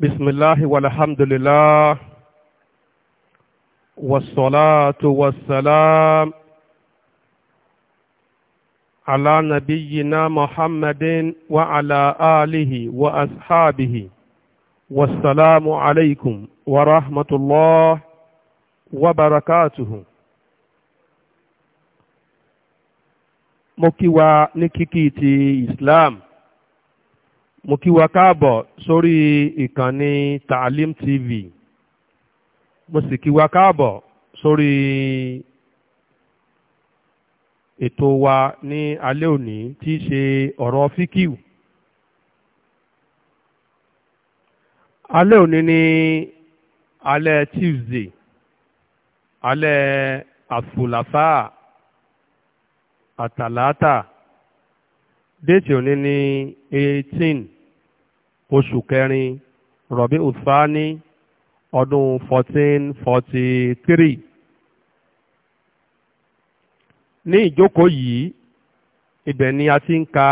بسم الله والحمد لله والصلاة والسلام على نبينا محمد وعلى آله وأصحابه والسلام عليكم ورحمة الله وبركاته مكوى نككيتي إسلام mo kí wa káàbọ̀ sórí ìkànnì Taalim TV mo sì kí wa káàbọ̀ sórí ètò wa ní alẹ́ òní tí í ṣe ọ̀rọ̀ fíkìú alẹ́ òní ní alẹ́ Tuesday alẹ́ àfùlàfà àtàlátà déètì òní ní eighteen oṣù kẹrin rọ̀bí ùsáni ọdún fourteen forty three ní ìjókòó yìí ibẹ̀ ni a ti ń ka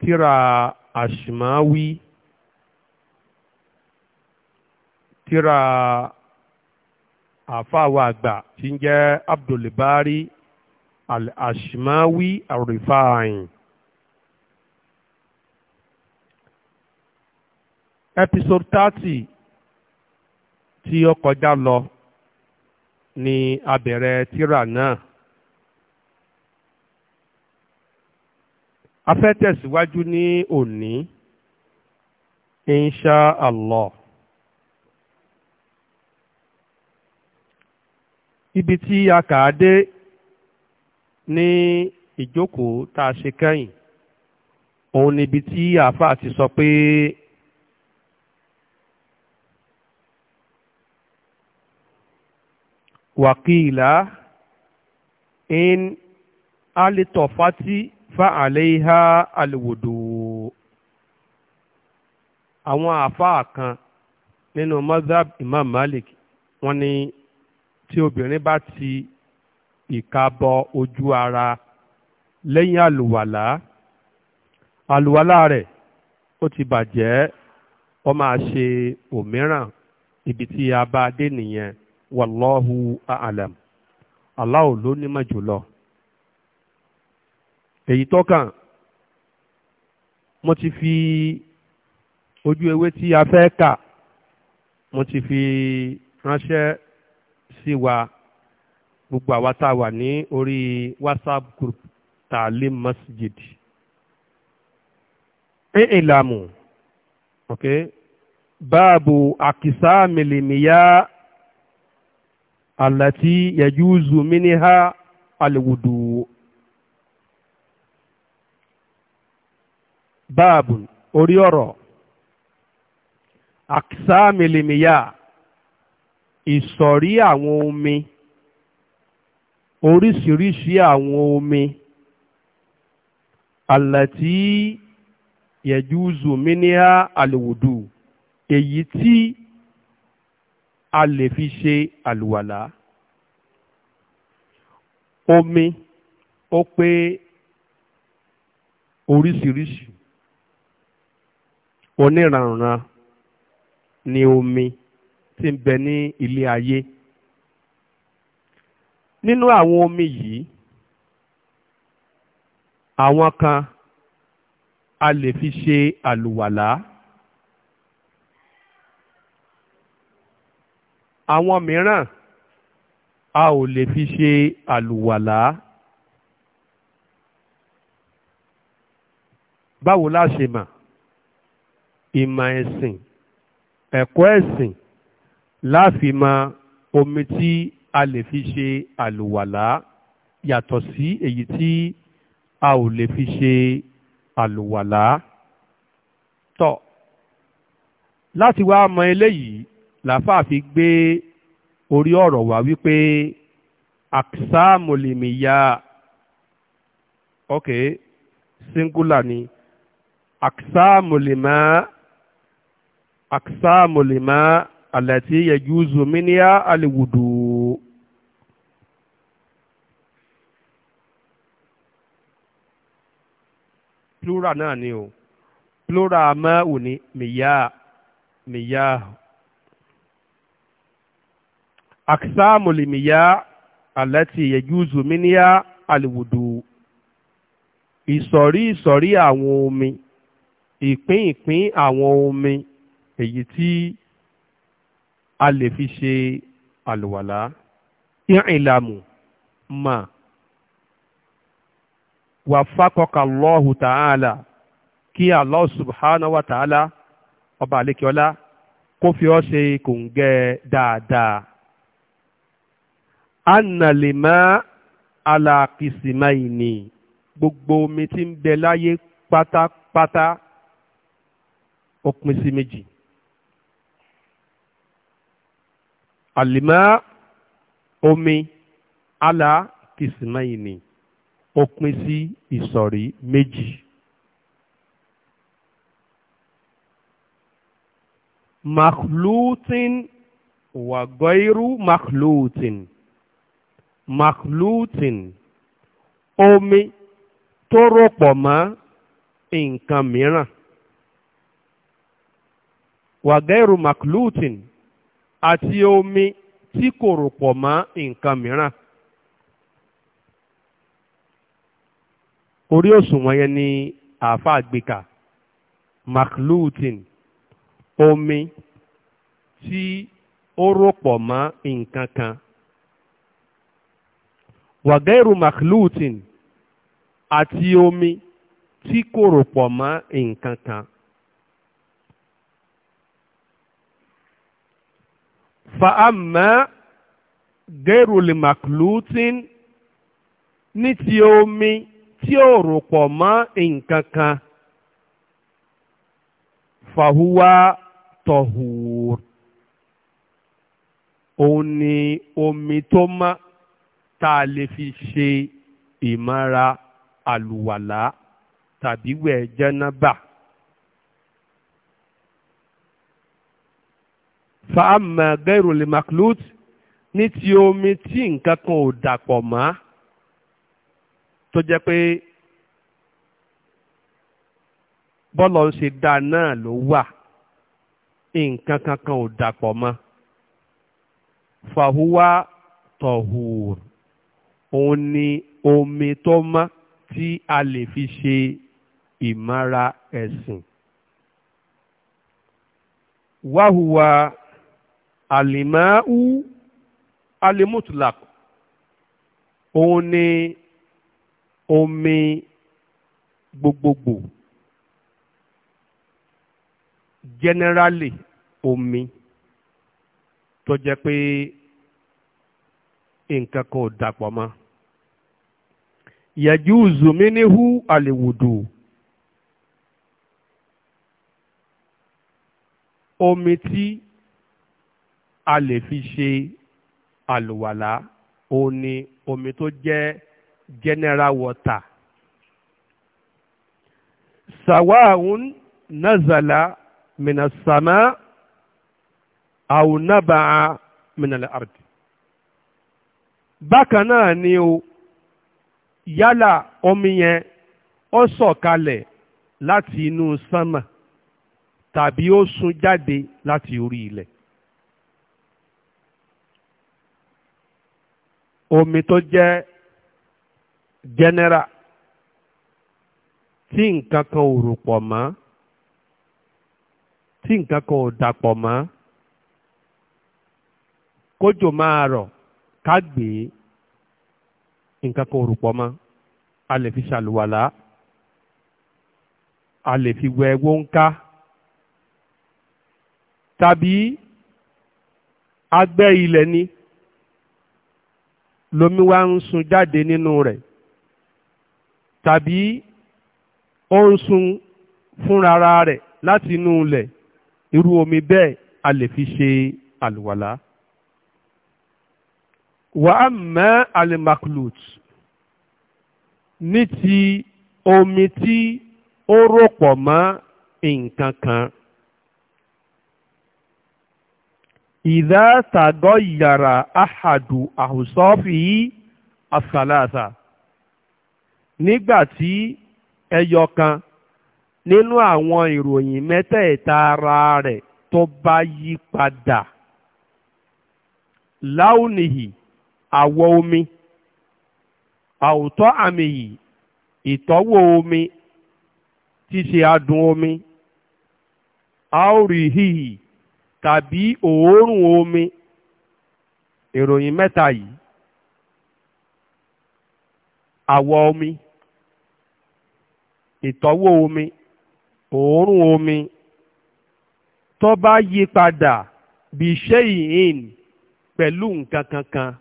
tíra àṣìmáwí tíra àfáàwọ̀ àgbà tí ń jẹ́ abdulbari al-àṣìmáwí àrífààyìn. episode thirty tí ó kọjá lọ ni a bẹ̀rẹ̀ tírà náà. a fẹ́ tẹ̀síwájú ní òní insha allah. ibi tí a kà á dé ní ìjókòó tá a ṣe kẹ́yìn òun níbi tí àáfàá ti sọ pé. وقيل إن ألطفت فعليها الوضوء àwọn àáfàá kan nínú mazhab imam malik wọ́n ní tí obìnrin bá ti ìka bọ ojú ara lẹ́yìn àlùwàlá àlùwàlá rẹ̀ ó ti bàjẹ́ ó máa ṣe òmíràn ibi tí a bá dé nìyẹn wàlọ́hu àlàm Allah ló nímọ̀ jùlọ èyí tọ́kàn mo ti fi ojú ewé tí a fẹ́ kà mo ti fi ránṣẹ́ sí wa gbogbo àwa tá a wà ní orí WhatsApp group Taalim Masjid ìlàmù ok báàbù àkìsá mìlìmìyà àlàtí yẹjúùzù mínìhà àlùwùdù báàbù orí ọ̀rọ̀ àkísàmìlìmìyà ìsọ̀rí àwọn omi oríṣiríṣi àwọn omi àlàtí yẹjúùzù mínìhà àlùwùdù èyí tí a lè fi ṣe àlùwàlá omi ó pé oríṣiríṣi oníranran ni omi tí ń bẹ ní ilé ayé nínú àwọn omi yìí àwọn kan a lè fi ṣe àlùwàlá. àwọn mìíràn a ò lè fi ṣe àlùwàlá báwo la ṣe mà ìmọ̀ ẹ̀sìn ẹ̀kọ́ ẹ̀sìn láàfin mọ omi tí a lè fi ṣe àlùwàlá yàtọ̀ sí èyí tí a ò lè fi ṣe àlùwàlá tọ̀ láti wá mọ eléyìí làáfàá fi gbé orí ọ̀rọ̀ wá wípé aksamolimiya ok singular ni aksamolima aksamolima alati yajuzu miniya aliwudu. plural náà ni o plural mọ́ òní mìyá mìyá aksamu limiya alati yejuzu miniya aliwudu ìsọ̀rí ìsọ̀rí àwọn omi ìpín ìpín àwọn omi èyí tí a lè fi ṣe àlùwàlá ìrìnlàmù mà wà fákọkà lọ́hù tààlà kí Allah subhanahu wa ta'ala ọba àlékiọlá kó fi ọ́ ṣe kòǹgẹ́ dáadáa annalima alaakisimaini gbogbo omi tí ń bẹ láyé pátápátá ó pín sí méjì alima omi alaakisimaini ó pín sí ìsọ̀rí méjì. makhlutin wa gairu makhlutin maklutin omi tó rọ̀pọ̀ mọ́ nǹkan mìíràn wàgẹ́rù maklutin àti omi tí kò rọ̀pọ̀ mọ́ nǹkan mìíràn orí òṣùwọ̀n yẹn ni àáfàá gbèkà maklutin omi tí ó rọ̀pọ̀ mọ́ nǹkan kan wàgẹ́rù makhlutin àti omi tí kò rò pọ̀ mọ́ nǹkan kan. fa'amma gẹ́rù lè makhlutin ní ti omi tí ò rò mọ́ nǹkan kan fàhúwá tọ̀hùr òun ni omi tó mọ́ tá a lè fi ṣe ìmọ́ra àlùwàlá tàbí wẹ̀ jánábà. fàámà gẹ́rùlì maklut ní ti omi tí nǹkan kan ò dàpọ̀ mọ́ tó jẹ́ pé bọ́lọ̀ ń ṣe dáa náà ló wà nǹkan kankan ò dàpọ̀ mọ́ fàhùwà tọ̀hùrù òun ni omi tó mọ́ tí a lè fi ṣe ìmára ẹ̀sìn. wáhùwà àlìmáú alimutulak òun ni omi gbogbogbò generally omi tó jẹ́ pé nǹkan kan ò dàpọ̀ mọ́ yẹjúùzù mi níhú àlèwòdò omi tí a lè fi ṣe àlùwàlá ó ní omi tó jẹ́ general water sàwáhùn nazala minasama àwùnábàá minal ardi bákan náà ni o. yálà omi yẹn ó kalẹ̀ láti inú sánmà tàbí ó sun jáde láti orí ilẹ̀. omi tó jẹ́ general tí nǹkan kan ò rò pọ̀ mọ́ tí nǹkan kan ò dàpọ̀ mọ́ kójò máa rọ̀ ká gbé e. nǹkan kan òrùpọ̀ mọ́ a lè fi ṣàlùwàlá a lè fi wẹ wónká tàbí agbẹ́ ilẹ̀ ni lomi wá ń sun jáde nínú rẹ̀ tàbí ó ń sun fúnra rẹ̀ láti inú ilẹ̀ irú omi bẹ́ẹ̀ a lè fi ṣe àlùwàlá wà á mẹ́ alimaklut ní ti omi tí ó rò pọ̀ mọ́ nǹkan kan. ìdá tàgọ́ yàrá àhàdù àhùsọ́fì àsàlàsà nígbà tí ẹyọ kan nínú àwọn ìròyìn mẹ́tẹ̀ẹ̀ta ara rẹ̀ tó bá yí padà láwùníhìí àwọ̀ omi àwòtọ́ àmì yìí ìtọ́wò omi ti ṣe adùn omi aorihihì tàbí òórùn omi ìròyìn mẹ́ta yìí àwọ̀ omi ìtọ́wò omi òórùn omi tó bá yí padà bí ṣe ìhìn pẹ̀lú nǹkan kankan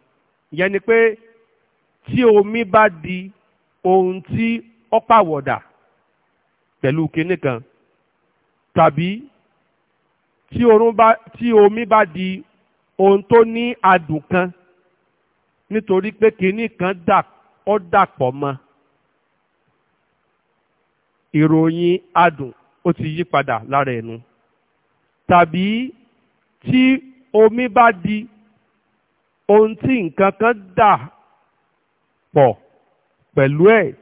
ìyẹn ni pé tí omi bá di ohun tí ó pàwọ̀dà pẹ̀lú kinní kan tàbí tí orun bá tí omi bá di ohun tó ní adùn kan nítorí pé kinní kan dà ó dàpọ̀ mọ́ ìròyìn adùn ó ti yí padà lára ẹnu tàbí tí omi bá di ohun tí nǹkan kan dà pọ̀ pẹ̀lú ẹ̀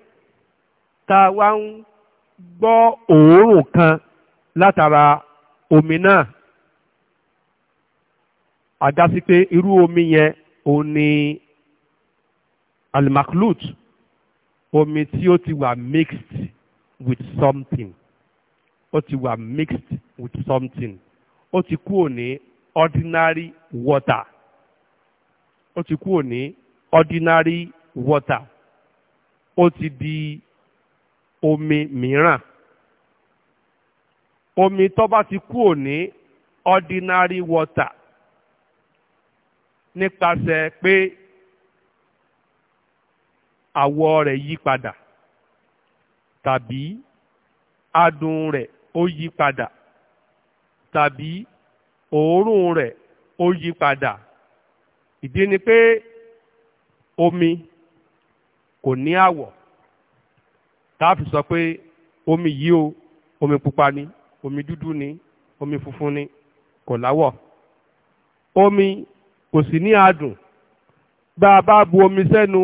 tá a wá ń gbọ́ òórùn kan látara omi náà àdásí pé irú omi yẹn òun ni alimaklut omi tí ó ti wà mixed with something ó ti wà mixed with something ó ti kúrò ní ordinary water ó ti kúrò ní ordinary water ó ti di omi mìíràn omi tó bá ti kúrò ní ordinary water nípasẹ̀ pé àwọ̀ rẹ̀ yí padà tàbí adùn rẹ̀ ó yí padà tàbí òórùn rẹ̀ ó yí padà ìdí ni pé omi kò ní àwọ̀ tá so pe sọ pé omi yìí o omi pupa ni omi dúdú ni omi funfun ni kò láwọ̀ omi kò sì ní adùn bá a bá bu omi sẹ́nu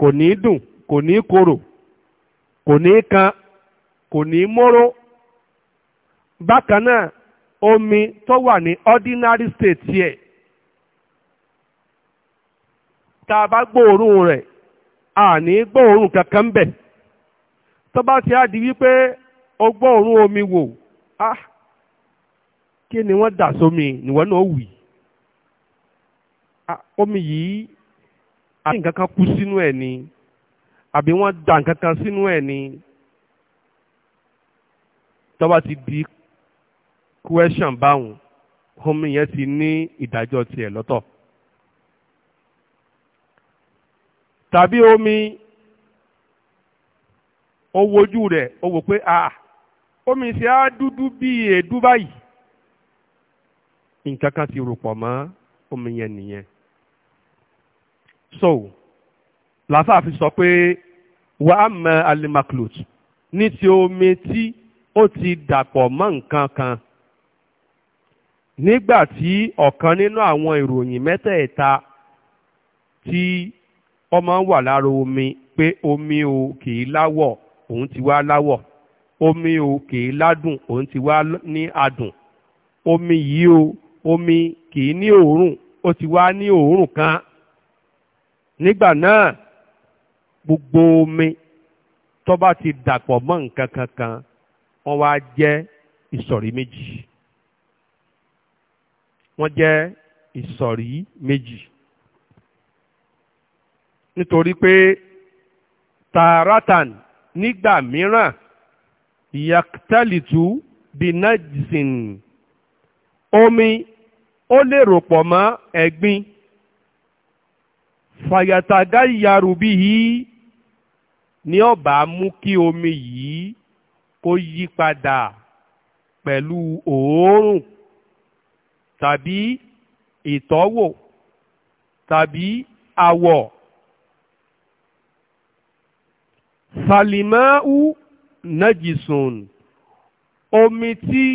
kò ní dùn kò ní korò kò ní kan kò ní móró bákan náà omi tó wà ní ordinary state yẹ tá a bá gbóòórùn rẹ̀ àní gbóòórùn kankan bẹ̀ tó bá ti á di wípé o gbóòórùn omi wò á ah, kí ni wọ́n dà sómi níwọ̀n náà wì ah, omi yìí àti nǹkan kan kú sínú ẹ̀ ni àbí wọ́n dà nǹkan kan sínú ẹ̀ ni tó bá ti di question báwọn omi yẹn ti ní ìdájọ́ tiẹ̀ lọ́tọ̀. tàbí omi ó wojú rẹ̀ o wò pé a ah, omi ṣe á dúdú bí èédú báyìí nǹkan kan ti rò pọ̀ mọ́ omi yẹn nìyẹn so làáfà fi sọ pé wà á mọ alimaklut ní ti omi tí ó ti dàpọ̀ mọ́ nǹkan kan nígbà tí ọ̀kan nínú àwọn ìròyìn mẹ́tẹ̀ẹ̀ta tí ọmọ wà lára omi pé omi o kì í láwọ̀ òun ti wá láwọ̀ omi o kì í ládùn òun ti wá ní adùn omi yìí o omi kì í ní òórùn ó ti wá ní òórùn kan nígbà náà gbogbo omi tó bá ti dàpọ̀ mọ́ nǹkan kankan wọ́n wá jẹ́ ìsọ̀rí méjì wọ́n jẹ́ ìsọ̀rí méjì nítorí pé tààràtàn nígbà mìíràn yàtàlìtù bìnàjìsìn omi ó lè rò pọ̀ mọ́ ẹ̀gbin fàyàtàgá yarubí yìí ni ó bá mú kí omi yìí kó yí padà pẹ̀lú òórùn tàbí ìtọ́wò tàbí àwọ̀ falimáú najisun omi tí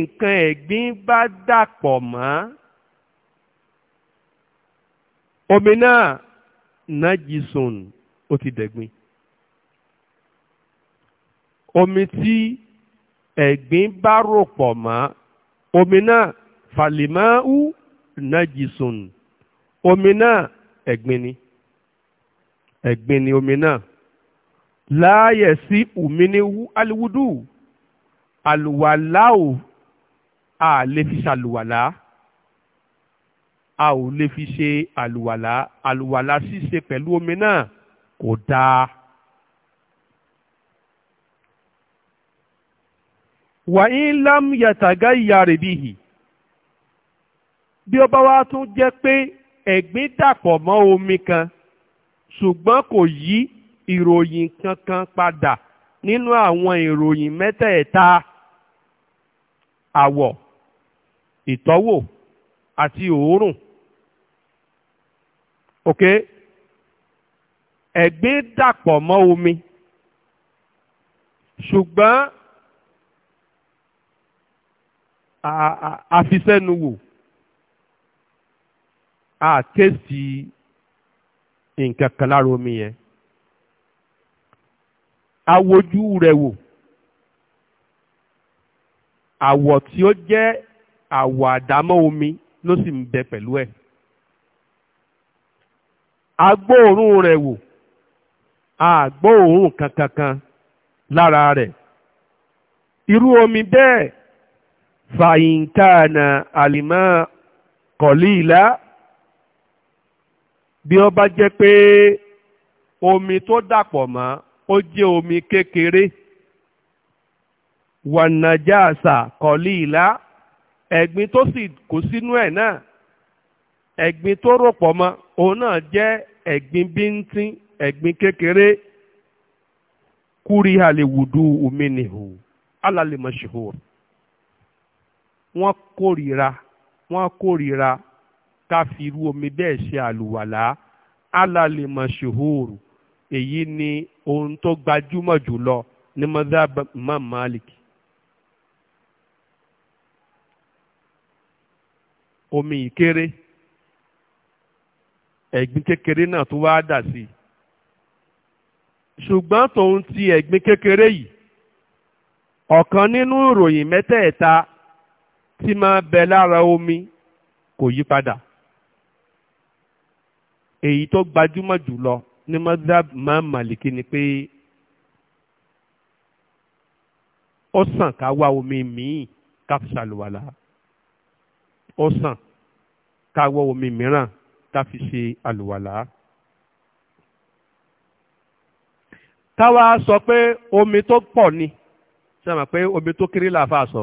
nǹkan ẹ̀gbin bá dàpọ̀ mọ́ omi náà najisun ó ti dẹ̀gbin omi tí ẹ̀gbin bá rò pọ̀ mọ́ omi náà falimáú najisun omi náà ẹ̀gbin ni ẹ̀gbin ni omi náà láàyè sí òmìnir aliwudu àlùwàlá a lè fi ṣàlùwàlá a ò lè fi ṣe àlùwàlá àlùwàlá ṣíṣe pẹ̀lú omi náà kò dáa. wà ń lám yàtàgá ìyá rẹ̀ bí bí ó bá wá tún jẹ́ pé ẹ̀gbín dàpọ̀ mọ́ omi kan ṣùgbọ́n kò yí ìròyìn kankan padà nínú àwọn ìròyìn mẹ́tẹ̀ẹ̀ta àwọ̀ ìtọ́wò àti òórùn ok ẹ̀gbin dàpọ̀ mọ́ omi ṣùgbọ́n àfisẹ́nuwò àkéèsì nǹkan kan lára omi yẹn awojú rẹ̀ wò àwọ̀ tí ó jẹ́ àwọ̀ àdámọ́ omi ló sì ń bẹ pẹ̀lú ẹ̀ agbóòórùn rẹ̀ wò àgbóòórùn kankankan lára rẹ̀ irú omi bẹ́ẹ̀ fàyínkàna àlìmọ́ kọ̀líìlá bí ó bá jẹ́ pé omi tó dàpọ̀ mọ́ ó jẹ́ omi kékeré wànàjáàsà kọ̀lí ìlà ẹ̀gbin tó sì kó sínú ẹ̀ náà ẹ̀gbin tó rò pọ̀ mọ́ òun náà jẹ́ ẹ̀gbin bíntín ẹ̀gbin kékeré kúrí àlèwùdú omi nìhù alálèmọ̀ṣòwò wọ́n kórìíra wọ́n kórìíra ká fi irú omi bẹ́ẹ̀ ṣe àlùwàlá alálèmọ̀ṣòwò èyí ni ohun tó gbajúmọ̀ jùlọ ní mọ́sáàbù Imam Malik. omi ìkéré ẹ̀gbin kékeré náà tó wáá dà sí i ṣùgbọ́n tòun ti ẹ̀gbin kékeré yìí ọ̀kan nínú ìròyìn mẹ́tẹ̀ẹ̀ta tí máa bẹ lára omi kò yí padà èyí tó gbajúmọ̀ jùlọ ní madhab máa màlìkí ni pé ó sàn ká wá omi míì ká fi ṣàlùwàlà ó sàn ká wá omi mìíràn ká fi ṣe àlùwàlà. táwa sọ pé omi tó pọ̀ ni ṣe mọ̀ pé omi tó kéré làáfà sọ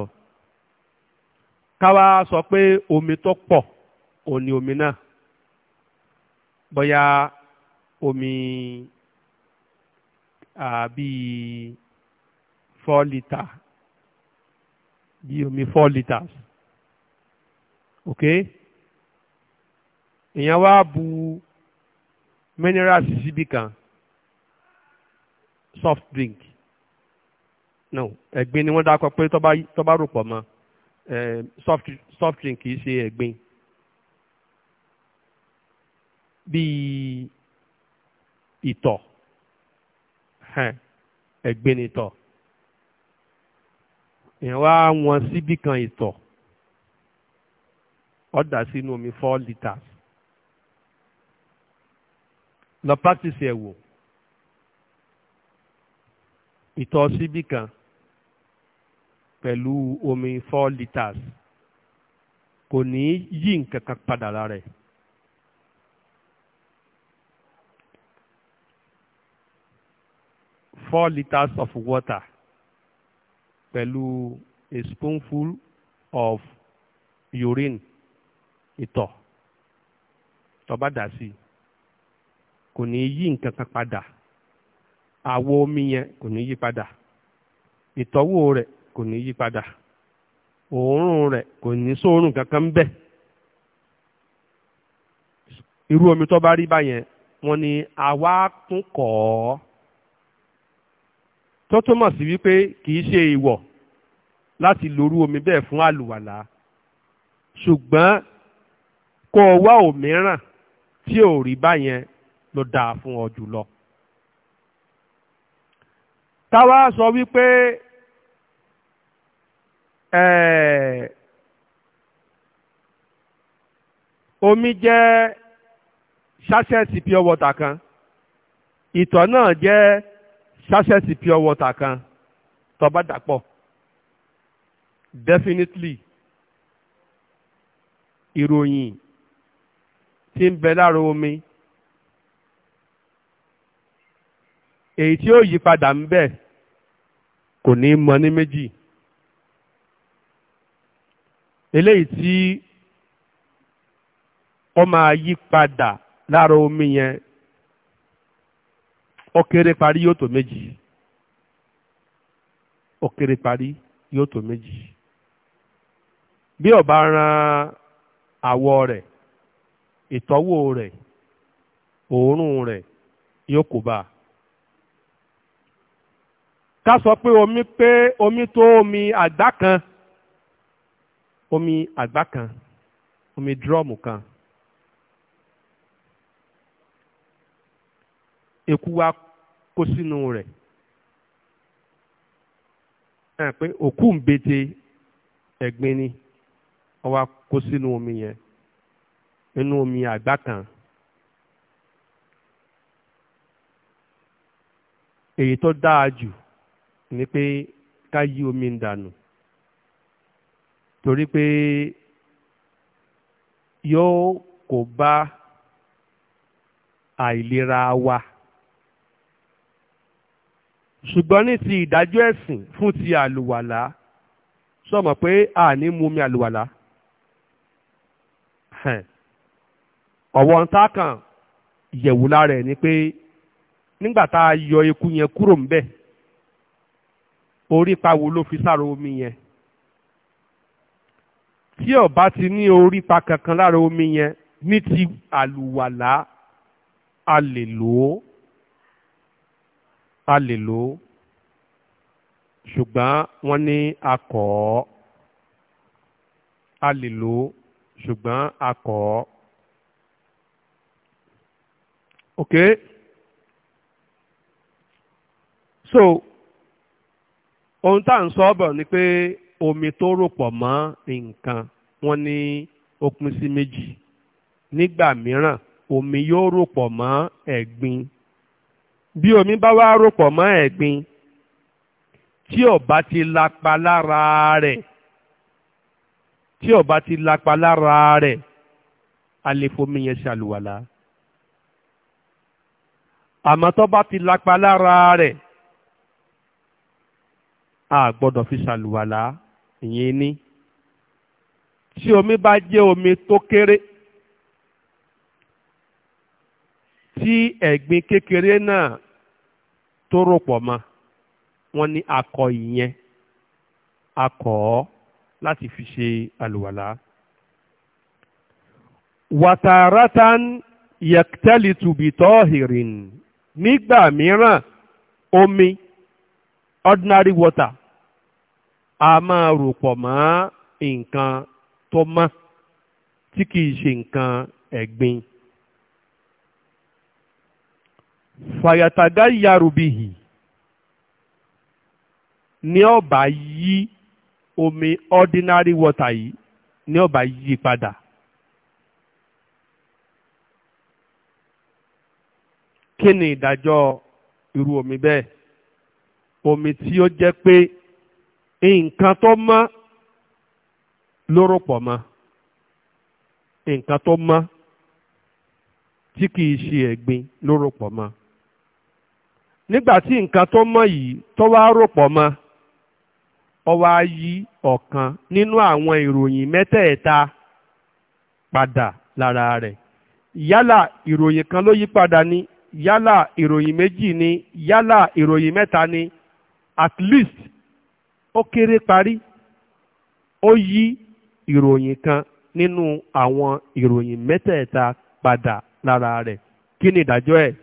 káwa sọ pé omi tó pọ̀ òní omi náà bóyá omi bíi four litre bíi omi four litres ok èèyàn wá bu minerals síbi kan soft drink no ẹ̀gbin ni wọ́n dákọ pé tó bá rò pọ̀ mọ́ soft soft drink kì í ṣe ẹ̀gbin bíi ìtọ̀ ẹ̀gbin nìtọ̀ èèyàn wá wọn síbí kan ìtọ̀ ọ̀dà sínú omi four litres lọ practice ẹ̀ wò ìtọ̀ síbí kan pẹ̀lú omi four litres kò ní yí nǹkan kan padà lára ẹ̀. four liters of water pẹ̀lú a spoonful of urine ìtọ̀ tó bá dà sí kò ní yí nǹkan kan padà àwọ̀ omi yẹn kò ní yí padà ìtọ́wò rẹ̀ kò ní yí padà òórùn rẹ̀ kò ní sóòórùn kankan bẹ́ẹ̀ irú omi tó bá rí báyẹn wọ́n ní àwa tún kọ̀ ọ́ tó túmọ̀ sí wípé kì í ṣe ìwọ̀ láti lorú omi bẹ́ẹ̀ fún àlùwàlá ṣùgbọ́n kó o wá òmíràn tí ò rí báyẹn ló dáa fún ọ jùlọ. táwa sọ wípé omi jẹ́ ṣáṣẹ́ẹ̀tì pure water kan ìtọ̀ náà jẹ́ ṣáṣẹ́sì pure water kan tó bá definitely ìròyìn tí ń bẹ lára omi èyí tí ó yí padà ń bẹ kò ní mọ ní méjì eléyìí tí ó máa yí padà lára omi yẹn ó kéré parí yóò tó méjì ó kéré parí yóò tó méjì bí ó ran àwọ̀ rẹ̀ ìtọ́wò rẹ̀ òórùn rẹ̀ yóò kó bá a ká sọ pé omi pé omi tó omi àgbá kan omi àgbá kan omi dírọ́ọ̀mù kan ekwu wa kó sínú rẹ̀ ẹ̀ pé òkú ń bete ni kó sínú omi yẹn nínú omi àgbá kan. èyí tó dáa jù ni pé ká yí omi ń dànù torí pé yóò kò bá àìlera wa. ṣùgbọ́n ní ti ìdájọ́ ẹ̀sìn fún ti àlùwàlá sọ̀mọ̀ pé a ní mu omi àlùwàlá ọ̀wọ́ ń tá kàn yẹ̀wò lára ẹ̀ ni pé nígbà tá a yọ eku yẹn kúrò ń bẹ̀ orí pa wo ló fi sára omi yẹn tí ó ti ní orí pa kankan lára omi yẹn ní ti àlùwàlá a lè lò ó. a lè lò ó ṣùgbọ́n wọ́n ní a kọ̀ ọ́ a lè lò ó ṣùgbọ́n a kọ̀ ọ́ ok so ohun tá à ń sọ ọ́ bọ̀ ni pé omi tó rò pọ̀ mọ́ nǹkan wọ́n ní ó pín sí méjì nígbà mìíràn omi yóò rò pọ̀ mọ́ ẹ̀gbin. E bí omi bá wá rò pọ̀ mọ́ ẹ̀gbin tí ó bá ti lapa lára rẹ̀ tí ó bá ti lapa lára rẹ̀ a lè fomi yẹn ṣàlùwàlá àmọ́ tó ti lapa lára rẹ̀ a gbọ́dọ̀ fi ṣàlùwàlá ìyẹn ní tí omi bá jẹ́ omi tó kéré tí ẹ̀gbin kékeré náà tó pọ̀ mọ́ wọn ni akọ ìyẹn akọ ọ́ láti fi ṣe àlùwàlá. wàtàràtàn yẹ̀tẹ́lìtùbìtọ́ hìrìn nígbà mìíràn omi ordinary water a máa rò pọ̀ mọ́ nǹkan tó mọ́ tí kìí ṣe nǹkan ẹ̀gbin. E fàyàtàgá yarubihì ní ọba yí omi ordinary water yìí ní ọba yí padà. kí ni ìdájọ́ irú omi bẹ́ẹ̀ omi tí ó jẹ́ pé nǹkan tó mọ́ ló mọ́ nǹkan tó mọ́ tí kìí ṣe ẹ̀gbin ló mọ́. nígbà tí nǹkan tó mọ̀ yìí tó wá rò pọ̀ mọ́ ọ wá yí ọ̀kan nínú àwọn ìròyìn mẹ́tẹ̀ẹ̀ta padà lára rẹ̀ yálà ìròyìn kan ló yí padà ni yálà ìròyìn méjì ni yálà ìròyìn mẹ́ta ni at least ó kéré parí ó yí ìròyìn kan nínú àwọn ìròyìn mẹ́tẹ̀ẹ̀ta padà lára rẹ̀ kí ni ìdájọ́ ẹ̀.